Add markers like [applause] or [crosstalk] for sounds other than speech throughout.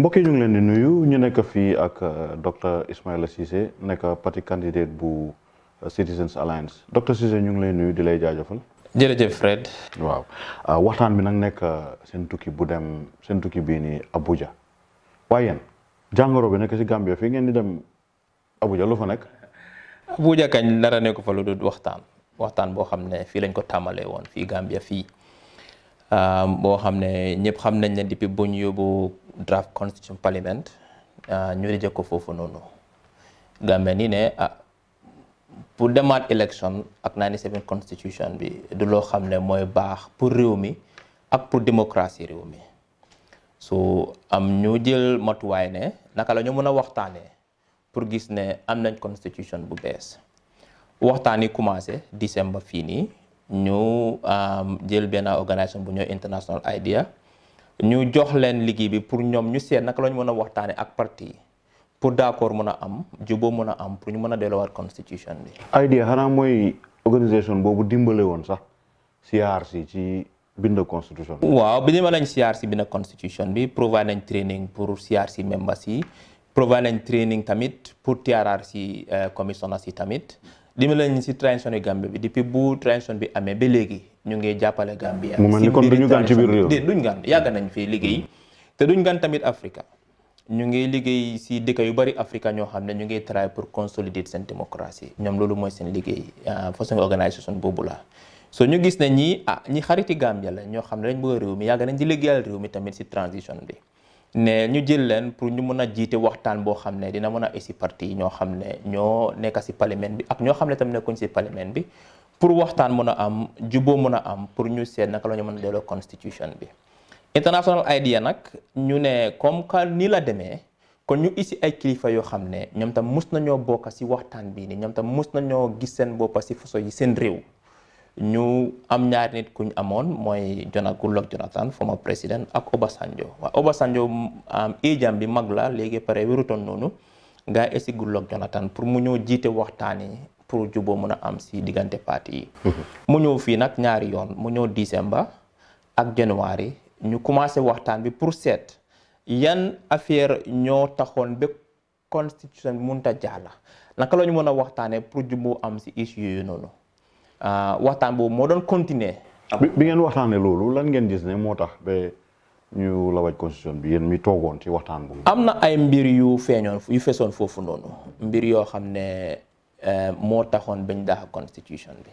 mbokk yi ñu ngi leen di nuyu ñu nekk fii ak euh, docteur Ismaila Ceesay nekk parti candidate bu euh, Citizens Alliance docteur Ceesay ñu ngi lay nuyu di lay jaajëfal. jërëjëf Fred. waaw euh, waxtaan bi nag nekk seen tukki bu dem seen tukki bii nii Abuja waaye yéen bi nekk si Gambia fii ngeen di dem Abuja lu fa nekk. Abuja kañ dara nekk fa lu dul waxtaan waxtaan boo xam ne fii lañ ko tàmbalee woon fii Gambia fii. Euh, boo xam ne ñëpp xam nañ ne depuis bu ñu yóbbu draft constitution parliament euh, ñu reject ko foofu noonu nga mel ni ne ah pour demaat élection ak 97 constitution bi du loo xam ne mooy baax pour réew mi ak pour démocratie réew mi so am ñu jël matuwaay ne naka lañu mën a waxtaanee pour gis ne am nañ constitution bu bees waxtaan yi commencé décembre fii nii ñu jël benn organisation bu ñëw international idea ñu jox leen liggéey bi pour ñoom ñu seet naka la mën a waxtaanee ak parti yi pour d'accord mën a am juboo mën a am pour ñu mën a delloowaat constitution bi. idea xanaa mooy organisation boobu dimbale woon sax CRC ci bind constitution bi. waaw bi ma lañ CRC bind constitution bi provide nañ training pour CRC members yi. provide nañ training tamit pour TRRC euh, commissionnaire si tamit dimbali nañ si transition yi Gambie bi depuis bu transition bi amee ba léegi ñu ngi jàppale Gambie. mu mel ni kon duñu gan ci biir réew duñ gan yàgg nañ fi liggéey te duñ gan tamit Africa ñu ngi liggéey si dëkk yu bari Africa ñoo xam ne ñu ngi try pour consolider seen démocratie ñoom loolu mooy seen liggéey euh, façon organisation boobu la so ñu gis ne ñii ah ñi xariti Gambie la ñoo xam ne dañ nañ di liggéeyal réew mi tamit si transition bi. ne ñu jël leen pour ñu mën a jiite waxtaan boo xam ne dina mën a si parti ñoo xam ne ñoo nekk si parlement bi ak ñoo xam ne tam nekkuñ si parlement bi pour waxtaan mën a am juboo mën a am pour ñu seet naka la ñu mën a delloo constitution bi international idea nag ñu ne comme que nii la demee kon ñu isi ay kilifa yoo xam ne ñoom tam mus nañoo bokk si waxtaan bii ni ñoom tam mus nañoo gis seen boppa si façon yi seen réew ñu am ñaari nit kuñ amoon mooy Jona Goodluck Jonathan former président ak Obasanjo waaye Obasanjo am ijam bi mag la léegi pare wérutoon noonu nga esi Goodluck Jonathan pour mu ñëw jiite waxtaan yi pour juboo mën a am si diggante parti yi mm-hmm. mu ñëw fii nag ñaari yoon mu ñëw décembre ak janvier ñu commencé waxtaan bi pour seet yan affaire ñoo taxoon ba constitution bi mënut a naka la ñu mën a waxtaanee pour juboo am si issue yooyu noonu Euh, waxtaan boobu moo doon continuer. bi ngeen waxtaanee loolu lan ngeen gis ne moo tax ba ñu la waj constitution bi yéen mi toogoon ci waxtaan boobu. am na ay mbir yu feeñoon yu feesoon foofu noonu mbir yoo xam ne euh, moo taxoon bañ daax constitution bi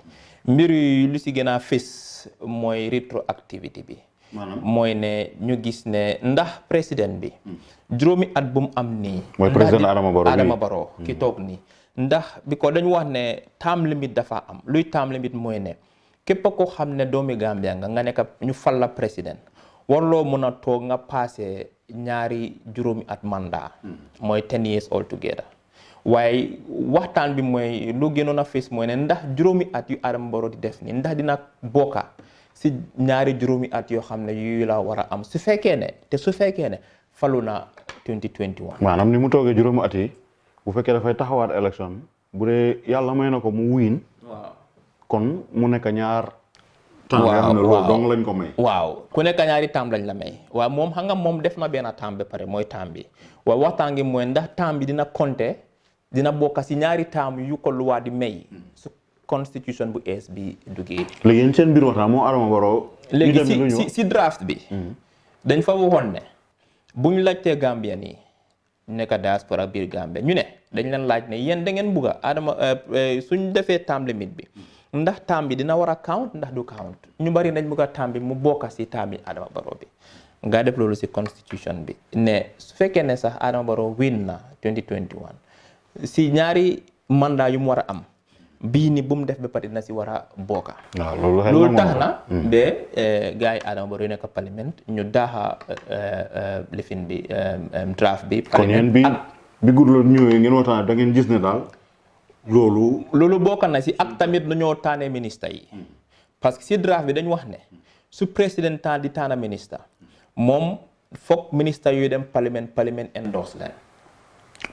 mbir yu lu si gën a fés mooy rétroactivité bi. mooy ne ñu gis ne ndax président bi. Hmm. juróomi at bu mu am nii. mooy président Adama Barrow ki hmm. toog nii. ndax bi ko dañu wax ne term limit dafa am luy term limit mooy ne képp ko xam ne doomi Gambia nga nga nekk ñu fal la président loo mën a toog nga paase ñaari juróomi at mandat mooy ten years altogether waaye waxtaan bi mooy lu gënoon a fees mooy ne ndax juróomi at yu ar Barrow di def ni ndax dina bokka si ñaari juróomi at yoo xam ne yu la war a am su fekkee ne te su fekkee ne falu na 2021 maanaam ni mu toogee juróomi at yi bu fekkee dafay taxawaat élection bu dee yàlla may na ko mu wiin. kon mu nekk ñaar. waaw waaw dong lañ ko waaw ku nekk ñaari temps lañ la may waaw moom xam moom def na benn temps ba pare mooy temps bi waaw waxtaan gi mooy ndax temps bi dina compter dina bokk si ñaari temps yu ko luwaa di may. su constitution bu es bi duggee. léegi yéen seen biir waxtaan moo Adama Barrow. léegi si draft bi. Mm-hmm. dañ fa waxoon ne buñ laajtee Gambia nii. nekka diaspora biir Gambie ñu ne dañ leen laaj ne yéen da ngeen bugga Adama euh, euh, suñ defee time limit bi ndax time bi dina war a count ndax du count ñu bari nañ bugga time bi mu bokka si time bi Adama Barrow bi nga def loolu si constitution bi ne su fekkee ne sax Adama Barrow win na 2021 si ñaari mandat yu mu war a am bii ni bu mu def ba pare na si war a bokka loolu tax na ba eh, gars yi Adama Barrow yu nekk parlement ñu daaxa eh, eh, lifin bi draft bi parlement bi bi Goodluck ñëwee ngeen waxtaan da gis ne daal loolu loolu bokka na si ak tamit nu ñoo tànnee yi parce que si draft bi dañu wax ne su président temps di tànn ministre moom foog ministre yuy dem parlement parlement endorse leen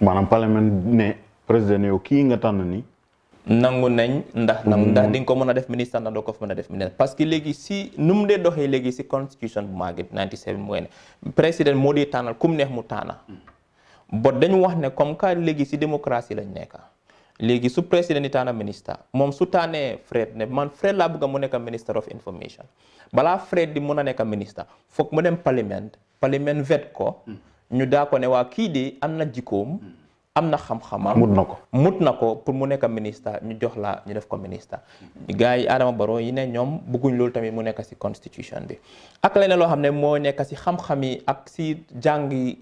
maanaam parlement ne président yow kii nga tànn ni nangu nañ ndax nam mm. ndax di nga ko mën a def ministre ndax doo ko mën a def ministre parce que léegi si nu mu dee doxee léegi si constitution bu màgget 97 mooy ne président moo di tànnal ku mu neex mu tànna ba dañu wax ne comme léegi si démocratie lañ nekk léegi su président di tànn ministre moom su tànnee Fred ne man Fred laa bëgg mu nekk minister of information balaa Fred di mun a nekk ministre foog mu dem parlement parlement vet ko mm. ñu daa ko ne waa kii de am na jikkoom mm. am na xam-xamam mut na ko mut na ko pour mu nekk ministre ñu jox la ñu def ko ministre gars yi Adama Barrow yi ne ñoom bëgguñ loolu tamit mu nekk si constitution bi ak leneen loo xam ne moo nekk si xam-xam yi ak si jàngi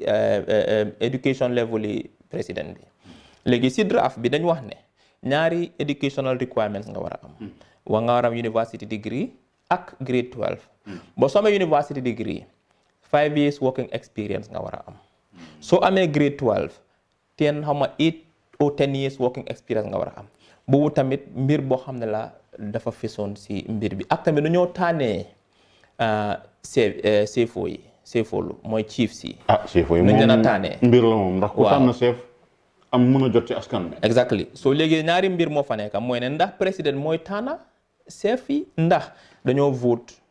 education euh, euh, level yi président bi léegi si draft bi dañu wax ne ñaari educational requirements nga war a am hmm. wa nga war a am university degree ak grade 12 hmm. boo soo amee university degree five years working experience nga war a am hmm. soo amee grade 12 ten xaw ma eight or ten years working experience nga war a am boobu tamit mbir boo xam ne la dafa fisoon si mbir bi ak tamit dañoo tànnee ah, CFO eh, yi CFO lu mooy chief si. ah CFO yi moom dañu leen tànnee mbir la moom ndax am mën jot ci askan bi. exactly soo léegi ñaari mbir moo fa nekk mooy ne ndax président mooy tànna chef yi ndax dañoo vote.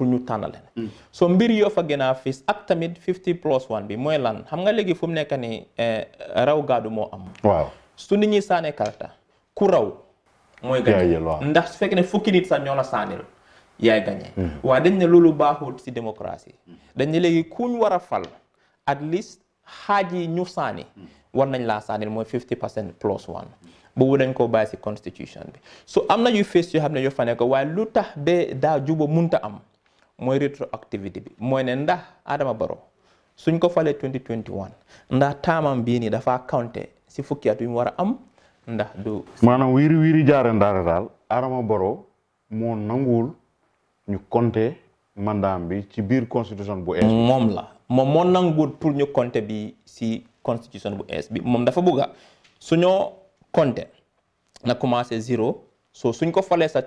pour ñu tànnale mm. so mbir yoo fa gën a fis ak tamit 50 plus bi mooy lan xam nga léegi fu nekk ni eh, raw gaadu moo am waaw su nit ñi saane karta ku raw mooy gañe ndax su fekkee ne fukki nit sax ñoo la saanil yaay gañe mm. waaye dañ ne loolu baaxul si démocratie mm. dañ ne léegi kuñ war a fal at least xaaj yi ñu saani war nañ laa saanil mooy 50 percent plus one boobu dañ koo bàyyi si constitution bi so am na yu fees yoo xam ne yoo fa nekk waaye lu tax ba daa juba munta am mooy rétroactivité bi mooy ne ndax Adama Barrow suñ ko falee 2021 ndax taamam bii nii dafa compter si fukki at yu mu war a am ndax du. maanaam wiiri wiiri jaare ndaare daal Adama Barrow moo nanguwul ñu compter mandaam bi ci biir constitution bu ees. moom la moom moo nanguwul pour ñu compter bi si constitution bu ees bi moom dafa bëgg suñoo compter na commencé zéro so suñ ko falee sa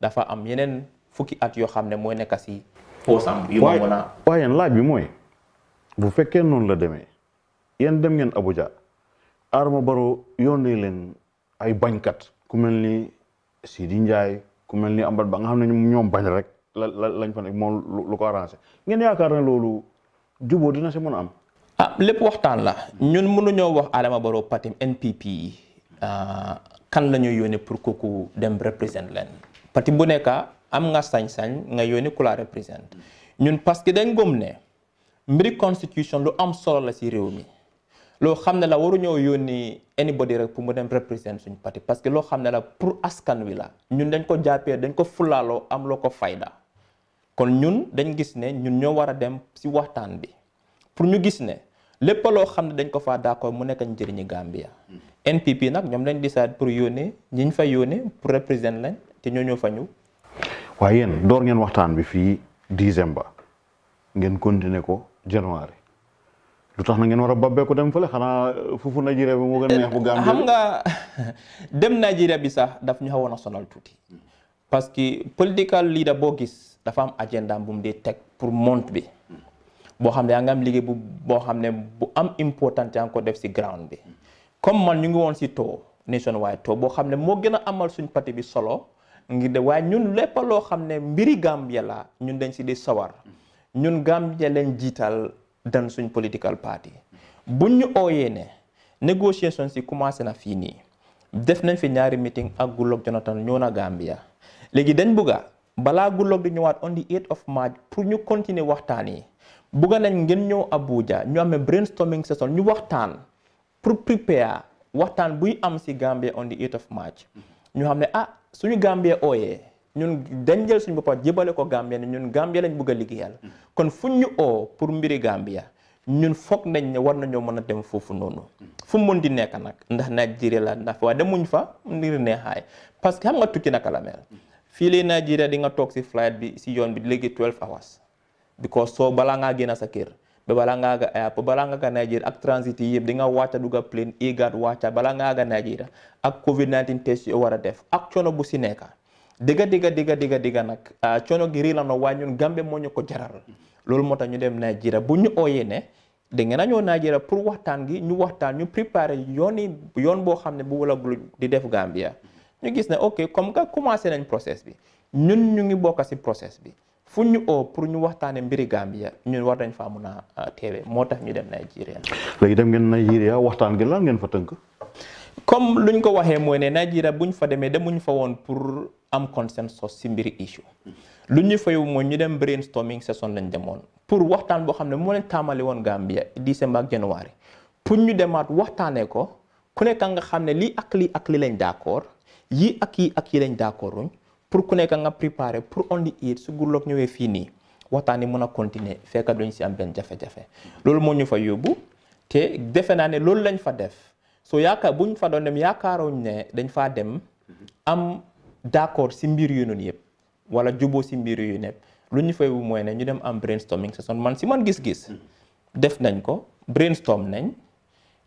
dafa am yeneen. fukki at yoo xam ne mooy nekka si poosam yu mu mën a waaye yéen laaj bi mooy bu fekkee noonu la demee yéen dem ngeen Abuja Adama Barrow yónnee leen ay bañkat ku mel ni Sidi jaay ku mel ni Ambat Ba nga xam ne ñoom bañ rek la la lañ fa nekk moo lu ko arrangé ngeen yaakaar ne loolu juboo dina si mën a am. a ah, lépp waxtaan la ñun mënuñoo wax Adama Barrow patim NPP ah, kan la ñuy yónnee pour kooku dem représente leen parti bu nekk am nga sañ-sañ nga yónni ku la représente ñun parce que dañ gëm ne mbiri constitution lu am solo la si réew mi loo xam ne la waru ñëw yónni anybody rek pour mu dem représente suñu parti parce que loo xam ne la pour askan wi la ñun dañ ko jàppee dañ ko fulaaloo am loo ko fayda kon ñun dañ gis ne ñun ñoo war a dem si waxtaan bi pour ñu gis ne lépp loo xam ne dañ ko faa d'accord mu nekk njëriñi Gambia hmm. NPP nag ñoom lañ décide pour yónnee ñi ñu fa yónnee pour représenter lañ te ñoo ñoo fa ñu waa yéen door ngeen waxtaan bi fii décembre ngeen continuer ko janvier lu tax na ngeen war a babbee ko dem fële xanaa uh, fufu Nigeria bi moo gën a neex bu Gambie xam nga [laughs] dem Nigeria bi sax daf ñu xawoon a sonal tuuti parce que political leader boo gis dafa am agenda bu mu dee teg pour monte bi boo xam ne yaa ngi am liggéey bu boo xam ne bu am important yaa ko def si ground bi comme man ñu ngi woon si taux nationwide taux boo xam ne moo gën a amal suñ parti bi solo ngir de waaye ñun lépp loo xam ne mbiri Gambia la ñun dañ si di sawar ñun Gambia leen jiital dan suñ political party buñ ñu ooyee ne négociation si commencé na fii nii def nañ fi ñaari meeting ak Goodluck Jonathan ñoo na Gambia léegi dañ bugga balaa Goodluck di ñëwaat on the 8 of March pour ñu continuer waxtaan yi bugga nañ ngeen ñëw Abuja ñu amee brainstorming session ñu waxtaan pour prepare waxtaan buy am si Gambia on the 8 of March suñu Gambie ooyee ñun dañ jël suñu boppam jébale ko Gambie ne ñun Gambie lañ bëgg a liggéeyal mm-hmm. kon fuñ ñu oo pour mbiri Gambia ñun foog nañ ne war nañoo mën a dem foofu noonu mm-hmm. fu mu mën di nekk nag ndax Nigeria la ndax waaye demuñ fa ngir neexaay parce que xam nga tukki naka la mel mm-hmm. fii lay Nigeria di nga toog si flight bi si yoon bi di léegi 12 hours because soo balaa ngaa génn sa kër be bala nga eh, nga aga Nigeria ak transit yi yëpp di nga wàcca dugga plane egat wàcca bala nga aga Nigeria ak covid-19 test yoo war a def ak coono bu si nekka dëgga dëgga dëgga dëgga nag ah, coono gi rii la no waaye ñun Gambie moo ñu ko jaral loolu moo tax ñu dem Nigeria bu ñu ooyee ne da ngeen a ñëw Nigeria pour waxtaan gi ñu waxtaan ñu préparé yooni yoon boo xam ne bu wala gul di def Gambia ñu gis ne ok comme nga commencé nañ process bi ñun ñu ngi bokk si process bi fu ñu oo pour ñu waxtaanee mbiri Gambia ñun war nañ faa mun a teewee moo tax ñu dem Nigeria. léegi dem ngeen Nigeria waxtaan gi lan ngeen fa tënk. comme ñu ko waxee mooy ne Nigeria ñu fa demee demuñ fa woon pour am consensus si mbiri issue lu ñu fay mooy ñu dem brainstorming session lañ demoon pour waxtaan boo xam ne moo leen taamale woon Gambia décembre ak janvier pour ñu demaat waxtaanee ko ku nekk nga xam ne lii ak lii ak lii lañ d'accord yii ak yii ak yii lañ d'accorduñ pour ku nekk nga préparer pour on di it su gurloog ñëwee fii nii waxtaan yi mën a continuer fekk duñ si am benn jafe-jafe loolu moo ñu fa yóbbu te defe naa ne loolu lañ fa def so yaakaar bu ñu fa doon dem yaakaaroon ne dañ faa dem am d'accord si mbir yu noonu yëpp wala juboo si mbir yu nekk lu ñu fay wu mooy ne ñu dem am brainstorming session man si man gis-gis hmm. def nañ ko brainstorm nañ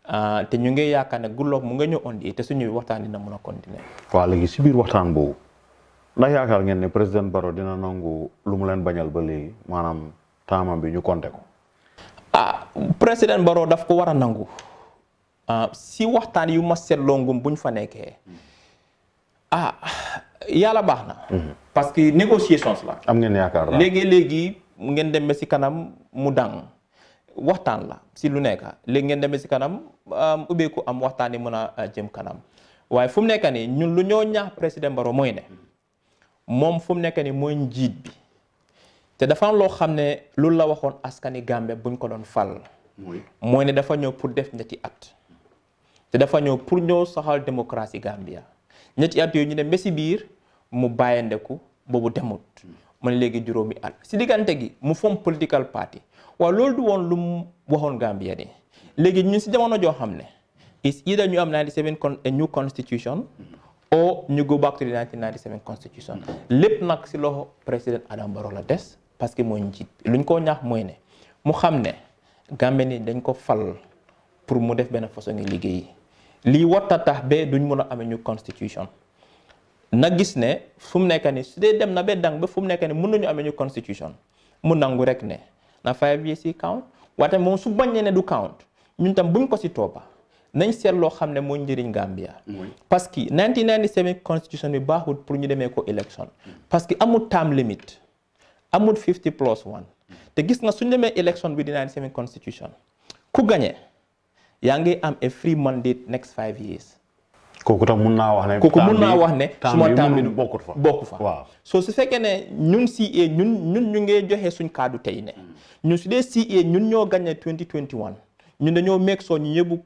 ah, te ñu ngi yaakaar ne gulloog mu nga ñëw on di suñuy waxtaan dina mën a continuer. waaw léegi si biir waxtaan boobu. ndax yaakaar ngeen ni président Barrow dina nangu lu mu leen bañal ba léegi maanaam taamam bi ñu compter ko. Ah, président Barrow daf ko war a nangu ah, si waxtaan yu ma seetloo ngum ñu fa nekkee ah yàlla baax na. Mhm. parce que négociations la. am ngeen yaakaar la léegi léegi ngeen demee si kanam mu dang waxtaan la si lu nekka léegi ngeen demee si kanam ubbeeku am waxtaan yi mën a jëm kanam waaye fu mu nekk nii ñun lu ñoo ñaax président Barrow mooy ne. moom fu mu nekk nii mooy njiit bi te dafa loo xam ne loolu la waxoon askani Gambie buñ ko doon fal mooy ne dafa ñëw pour def ñetti at te dafa ñëw pour ñëw soxal démocratie Gambia ñetti at yooyu ñu dem ba si biir mu bàyyandeku boobu demut hmm. mu ne léegi juróomi at si diggante gi mu fom political party waaw loolu du woon lu mu waxoon Gambia de léegi ñu si jamono joo xam ne is either ñu am 97 con a new constitution hmm. or ñu go back to the 1997 lépp nag si loxo président Adama Barrow la des parce que mooy njiit luñ koo ñax mooy ne mu xam ne Gambie ni dañ ko fal pour mu def benn façon ngi liggéey lii a tax ba duñ mën a amee ñu constitution na gis ne fu mu nekk ni su dee dem na ba dang ba fu mu nekk ni mën nañu amee ñu constitution mu nangu rek ne na five years yi count waaye moom su bañ ne du count ñu tam buñ ko si toppa nañ seet loo xam ne mooy njëriñ Gambia. parce que 1997 constitution bi baaxul pour ñu demee ko élection. parce que amul term limit amul 50 plus one te gis nga suñ demee élection bi di 1997 constitution ku gagné yaa ngi am a free mandate next five years. kooku tam mun naa wax ne. kooku mun naa wax ne. suma term bi bokkut fa bokku fa. waaw soo su fekkee ne ñun CA e ñun ñun ñu ngi joxe suñ kaddu tey ne. Hmm. ñu su dee CA e ñun ñoo gañ gagné 2021 ñun dañoo meeg soo ñu yóbbu.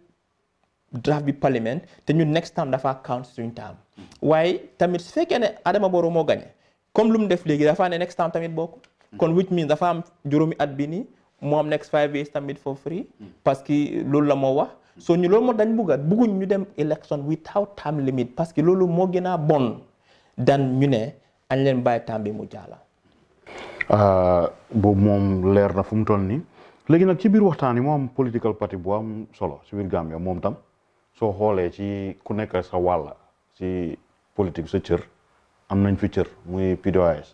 draft bi parliament te ñun next term dafa count suñu term waaye tamit su fekkee ne Adama Barrow moo gagné comme lu mu def léegi dafa ne next term tamit bokk kon which means dafa am juróomi at bi nii moom am next five years tamit for free parce que loolu la moo wax so ñu loolu moo dañ bugga bugguñ ñu dem election without term limit parce que loolu moo gën a bon dan ñu ne añ leen bàyyi term bi mu jaala ah, boobu moom leer na fu mu toll nii léegi nag ci biir waxtaan yi moo am political party bu am solo tam soo xoolee ci ku nekk sa wàll ci politique sa cër am nañ fi cër muy PDOIS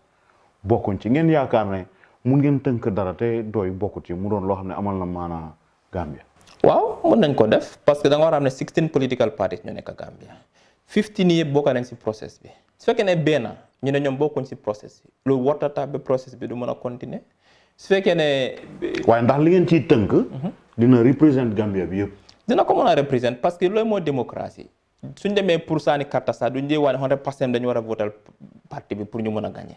bokkuñ ci ngeen yaakaar ne mu ngeen tënk dara te dooy bokku ci mu doon loo xam ne amal na maanaa Gambia. waaw mën nañ ko def parce que da war a am ne 16 political parties ñu nekk Gambia 15 yëpp bokk nañ si process bi su fekkee ne benn ñu ne ñoom bokkuñ si process bi loolu warta tax ba process bi du mën a continuer su fekkee ne. waaye ndax li ngeen ciy tënk. Mhm. dina représente Gambia dina ko mën a représenter parce que loolu moo démocratie suñ demee pour saani karta sax duñ dee wane hundred percent dañu war a votal parti bi pour ñu mën a gagné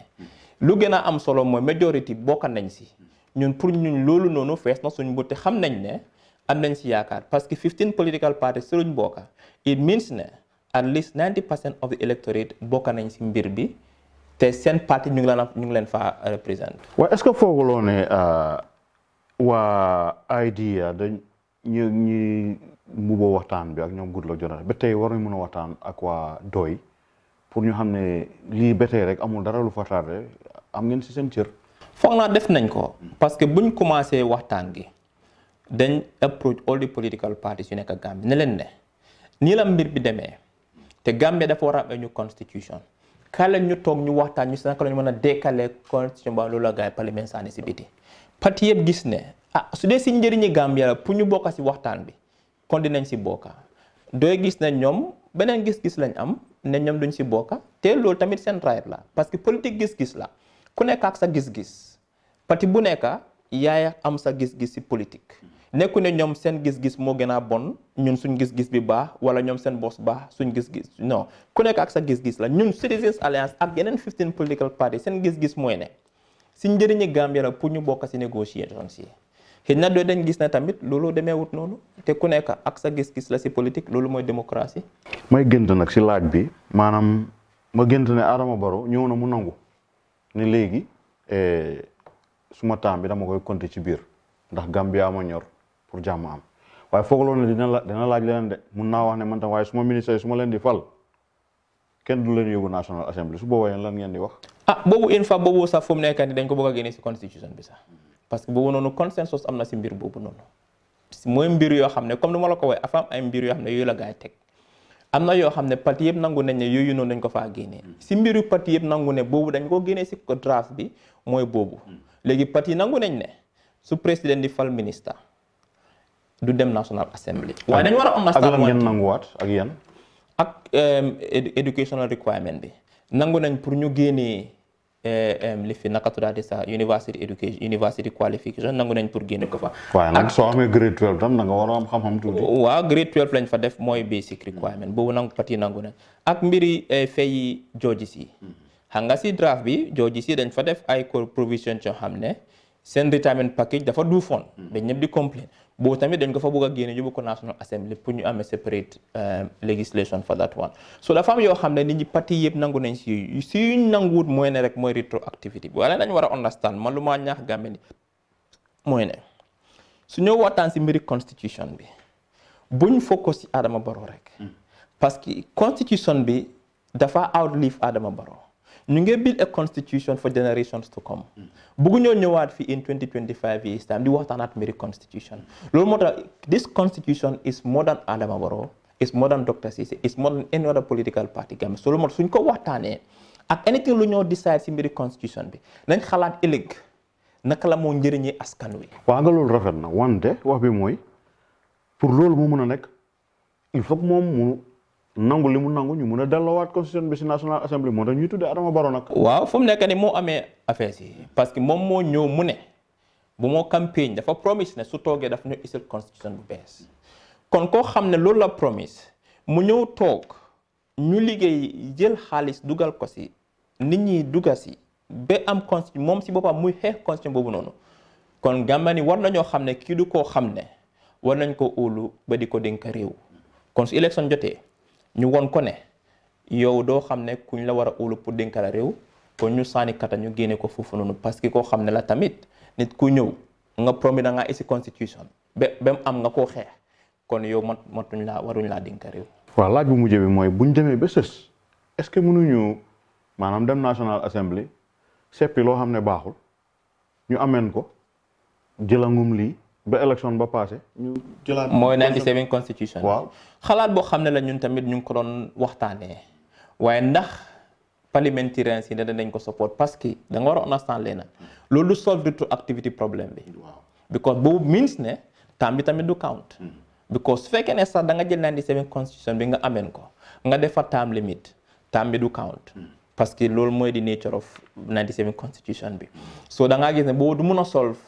lu gën a am solo mooy majorité bokk nañ si ñun pour ñun loolu noonu fees na suñ botte xam nañ ne am nañ si yaakaar parce que 15 political parties si luñ bokk it means ne at least 90 percent of the electorate bokk nañ si mbir bi te seen parti ñu ngi leen ñu ngi leen faa représenter. waaye est-ce que fooguloo ne euh, waa idea ñu ñi mbubboo waxtaan bi ak ñoom Goodluck Jonathan ba tey war nañ mën a waxtaan ak waa doy pour ñu xam ne lii ba tey rek amul dara lu fa tardé am ngeen si seen cër. foog naa def nañ ko parce que buñ commencé waxtaan gi dañ approach all the political parties yu nekk ak Gambie ne leen ne nii la mbir bi demee te Gambie dafa war a am ñu constitution kale ñu toog ñu waxtaan ñu si naka la mën a décaler constitution ba loolu la gars yi saani si biti parti yëpp gis ne. ah su dee si njëriñi Gambia la pour ñu bokk si waxtaan bi kon dinañ si bokk doy gis na ñoom beneen gis-gis lañ am ne ñoom duñ si bokka te loolu tamit seen right la parce que politique gis-gis la ku nekk sa gis-gis parti bu nekk yaay am sa gis-gis si politique nekku ne ñoom seen gis-gis moo gën a bon ñun suñ gis-gis bi baax wala ñoom seen bos baax suñ gis-gis non ku nekk ak sa gis-gis la ñun Citizens Alliance ak yeneen 15 political parties seen gis-gis mooy ne si njëriñi Gambia la pour ñu bokk si négociations xëy na doo dañ gis na tamit loolu demeewut noonu te ku nekk ak sa gis-gis la si politique loolu mooy démocratie. may gënt nag si laaj bi maanaam ma gënt ne Adama Barrow ñëw na mu nangu ne léegi eh, suma temps bi dama koy compter ci biir ndax Gambia ma ñor pour jàmm am waaye foogaloon ne dina la dina laaj leneen de mun naa wax ne man tam waaye suma ministère yi su ma leen di fal. kenn du leen yóbbu National Assembly su boobaa ah, boobu sax fu mu nekk nii dañ ko bëgg a génne si constitution sax. parce que boobu noonu consensus am na si mbir boobu noonu mooy mbir yoo xam ne comme ni ma la ko waxee afam ay mbir yoo xam ne yooyu la gaa yi teg am na yoo xam ne parti yëpp nangu nañ ne yooyu noonu dañ ko faa génnee si mbiru parti yëpp nangu ne boobu dañ ko génnee si ko draft bi mooy boobu hmm. léegi parti yi nangu nañ ne su président di fal ministre du dem national assembly hmm. waaye dañ war a understand ngeen nanguwaat ak yan ak educational requirement bi nangu nañ pour ñu génnee li fi naka tuddaati sa university education university qualification nangu nañ pour génne ko fa. waaye nag soo amee grade 12 a am xam-xam tuuti. waaw grade 12 lañ fa def mooy basic requirement boobu nangu pati nangu nañ ak mbiri fayi jooji si. xam nga si draft bi jooji si dañ fa def ay provision yoo xam ne. seen retirement package dafa duufoon. Hmm. dañ ñëpp di complain boobu tamit dañ ko fa bëgg a génne yóbbu ko National Assembly pour ñu amee separate euh, legislation for that one so dafa am yoo xam ne ni ñi pati yëpp nangu nañ si yu si yuñ nanguwut mooy ne rek mooy retroactivity bi wala dañ war a understand ma lu maa ñaax gàmme ni mooy ne su ñëw waxtaan si mbiri constitution bi buñ focus si Adama Barrow rek. Hmm. parce que constitution bi dafa outlive Adama Barrow. ñu ngi build a constitution for generations to come mm. bugg ñoo ñëwaat fi in 2025 years time di waxtaanaat mbiri constitution loolu moo tax this constitution is more than Adama Barrow is more than Dr Ceesay is more than any other political party Gambia so loolu moo tax suñ ko waxtaanee ak anything lu ñoo decide si mbiri constitution bi nañ xalaat ëllëg naka la moo njëriñee askan wi. waa nga loolu rafet na wante wax bi mooy pour nangu li mu nangu ñu mun a delloowaat constitution bi si national assembly moo tax ñuy tuddee Adama Barrow nag. waaw fu mu nekk ni moo amee affaires si parce que moom moo ñëw mu ne bu moo campagne dafa promise ne su toogee daf ñu isil constitution bu bees kon koo xam ne loolu la promise mu ñëw toog ñu liggéey jël xaalis dugal ko si nit ñi dugal si ba am constitution moom si boppam muy xeex constitution boobu noonu kon Gambia ni war nañoo xam ne kii du koo xam ne war nañ ko óolu ba di ko dénk réew kon su élection jotee. ñu won ko ne yow doo xam ne kuñ la war a óolu pour dénk la réew kon ñu sànni kata ñu génne ko foofu noonu parce que koo xam ne la tamit nit ku ñëw nga promis da ngaa isi constitution ba ba mu am nga koo xeex kon yow mat matuñ laa waruñ laa dénk réew. waaw laaj bu mujj bi mooy buñ demee ba sës est-ce que mënuñu maanaam dem National Assembly seppi loo xam ne baaxul ñu ameen ko jëlangum lii. ba élection ba passé ñu jëlaat mooy constitution waaw xalaat boo xam ne la ñun tamit ñu ngi ko doon waxtaanee waaye ndax parlementaires yi ne danañ ko support parce que danga nga war a understand leen loolu du activité problème bi because boobu means ne temps bi tamit du count hmm. because su fekkee ne sax da nga jël 97 constitution bi nga ameen ko nga defa time limit temps bi du count hmm. parce que loolu mooy di nature of 97 constitution bi so da gis ne boobu du mun a solve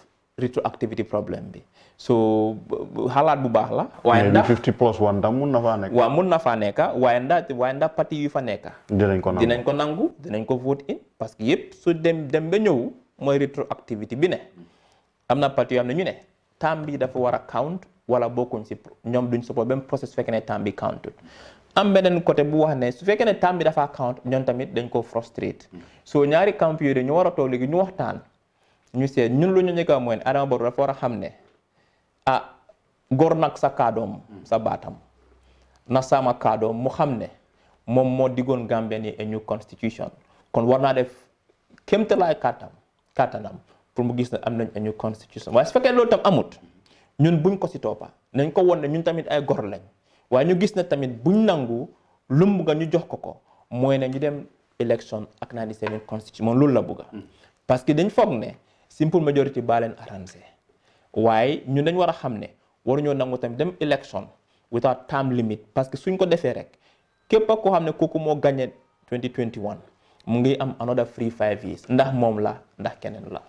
retroactivity problème bi so xalaat bu baax la. waaye ndax 50 plus one ndax mun na faa nekk. waaw mun na faa nekk waaye ndax waaye ndax parti yu fa nekk. dinañ ko nangu dinañ ko nangu dinañ ko vote in parce que yëpp su dem dem ba ñëw mooy retroactivity bi ne am na parti yoo xam ne ñu ne bi dafa war a count wala bokkuñ si ñoom duñ support benn process su fekkee ne tam bi countul am beneen côté bu wax ne su fekkee ne tam bi dafa count ñoom tamit dañ ko frustrate so ñaari camp ñu war a toog léegi ñu waxtaan. ñu seet ñun lu ñu njëkk a mooy ne Adama Barrow dafa war a xam ne ah góor nag sa kaadoom sa baatam na sama kaadoom mu xam ne moom moo diggoon Gambien yi a new constitution kon war naa def kéemtalaay kàttam kàttanam pour mu gis ne am nañ a new constitution waaye su fekkee loolu tam amut ñun buñ ko si toppa nañ ko won ne ñu tamit ay gor lañ waaye ñu gis ne tamit buñ nangu lum nga ñu jox ko ko mooy na ñu dem élection ak 97 constitution moom loolu la bëgg mm. dañ simple majorité baa leen arrangé waaye ñun dañ war a xam ne war ñoo nangu tamit dem élection without term limit parce que suñ ko defee rek képp a koo xam ne kooku moo gagné 2021 mu ngi am another free five years ndax moom la ndax keneen la.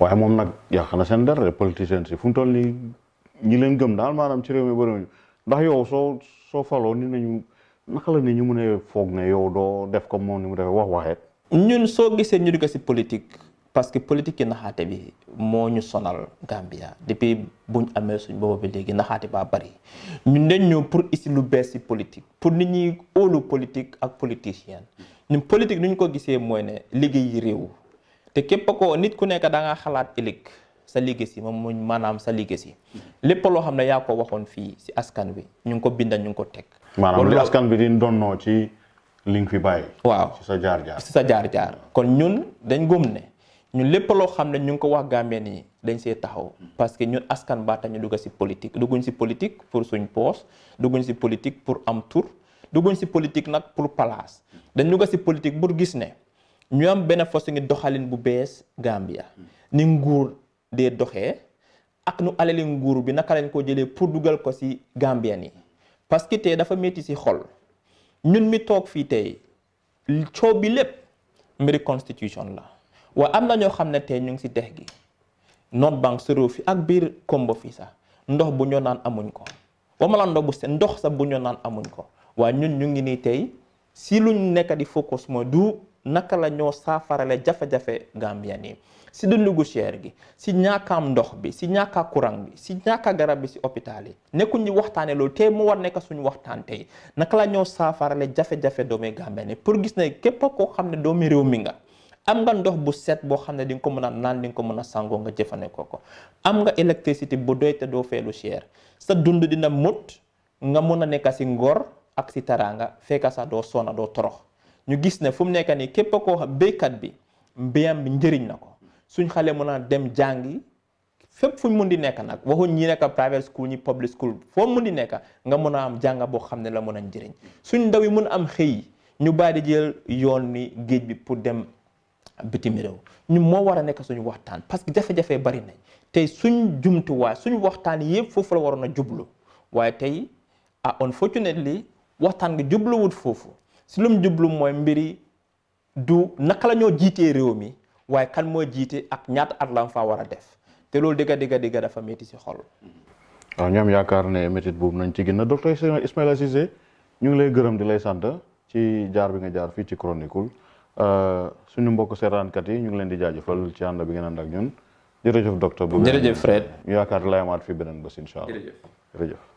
waaye moom nag yàq na seen dara politiciens yi fu mu toll nii ñi leen gëm daal maanaam ci réew mi bëri ndax yow soo soo faloo ni nañu naka la ni ñu mun foog ne yow doo def ko moom ni mu defee wax waxeet. ñun soo parce que politique yi naxaate bi moo ñu sonal Gambia depuis bu ñu amee suñ booba bi léegi naxaate baa bari ñun dañ ñëw pour isi lu bees si politique pour nit ñi óolu politique ak politicien ñu politique ni ko gisee mooy ne liggéey yi réew te képp ko nit ku nekk da nga xalaat ëllëg sa liggée si moom muñ maanaam sa liggée si lépp loo xam ne yaa ko waxoon fii si askan wi ñu ngi ko bindal ñu ngi ko teg maanaam li askan bi di donnoo ci li nga fi bàyyi waaw si sa jaar sa jaar jaar kon ñun dañ gëm ñun lépp loo xam ne ñu ngi ko wax Gambien yi dañ see taxaw parce que ñun askan baa tax ñu dugg si politique dugguñ si politique pour suñ poos dugguñ si politique pour am tour dugguñ si politique nag pour palaas dañ dugg si politique pour gis ne ñu am benn façon ngi doxalin bu bees Gambia ni nguur dee doxee ak nu alali nguur bi naka lañ ko jëlee pour dugal ko si Gambien yi parce que tey dafa métti si xol ñun mi toog fii tey coow bi lépp mbiri constitution la waaye am na ñoo xam ne tey ñu ngi si dex gi North Bank Suruf fii ak biir Kombo fii sax ndox bu ñoo naan amuñ ko wama la ndox bu seen ndox sax bu ñoo naan amuñ ko waaye ñun ñu ngi nii tey si luñ nekk di focus mooy du naka la ñoo saafarale jafe-jafe Gambien yi si dundu gu gi si ñàkkaam ndox bi si ñàkka courant bi si ñàkka garab bi si hôpital yi nekkuñ ñu waxtaanee loolu tey mu war nekk suñu waxtaan tey naka la ñoo saafarale jafe-jafe doomi Gambien yi pour gis ne képp koo xam ne doomi réew mi nga. am nga ndox bu set boo xam ne di nga ko mën a naan di nga ko mën a sangoo nga jëfandikoo ko am nga électricité bu doy te doo fay lu cher sa dund dina mut nga mën a nekk si ngor ak si taraanga fekk sax doo sona doo torox ñu gis ne fu mu nekk nii képp a béykat bi mbéyam bi njëriñ na ko suñ xale mën a dem jàngi fépp fuñ mun di nekk nag waxuñ ñi nekk private school ñi foo mun di nga mën a am jànga boo xam ne la mën a njëriñ suñ ndaw yi mun am xëy ñu bàyyi di jël yoon ni géej bi pour dem bitim réew ñu moo war a nekk suñu waxtaan parce que jafe-jafe bari nañ tey suñ jumtuwaay suñu waxtaan yëpp foofu la waroon a jublu waaye tey ah unfortunately waxtaan nga jubluwut foofu si lum jublu mooy mbiri du naka la ñoo jiitee réew mi waaye kan mooy jiite ak ñaata at la faa war a def te loolu digga digga digga dafa métti si xol. waaw ñoom yaakaar ne métit boobu nañ ci gën docteur Ismaila Ceesay ñu ngi lay gërëm di lay sant ci jaar bi nga jaar fii ci Chronicle. Euh, suñu mbokk seetaankat yi ñu ngi leen di jaajëfal ci ànd bi ngeen ànd ak ñun jërëjëf docteur. bu jërëjëf Fred. yaakaar lay amaat fi beneen bés incha allah jërëjëf.